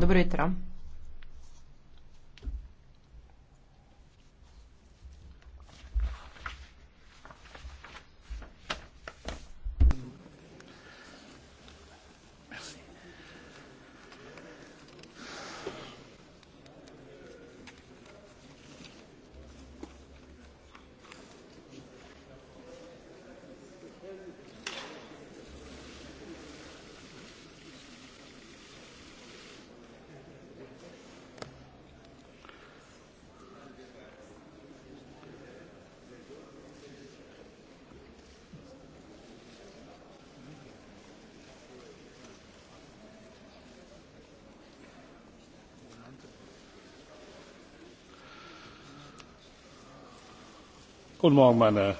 dobro jutro. Guten Morgen, meine.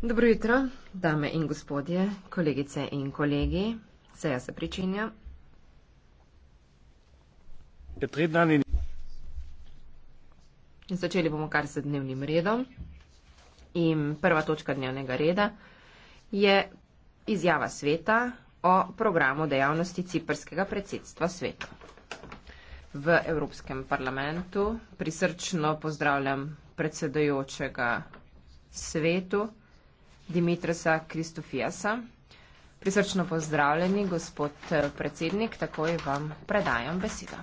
Dobro jutro, dame in gospodje, kolegice in kolegi, seja se pričinja. Ja, Začeli bomo kar s dnevnim redom. In prva točka dnevnega reda je izjava sveta o programu dejavnosti ciprskega predsedstva sveta. V Evropskem parlamentu prisrčno pozdravljam predsedujočega svetu Dimitrasa Kristofijasa. Prisrčno pozdravljeni, gospod eh, predsednik, takoj vam predajam besedo.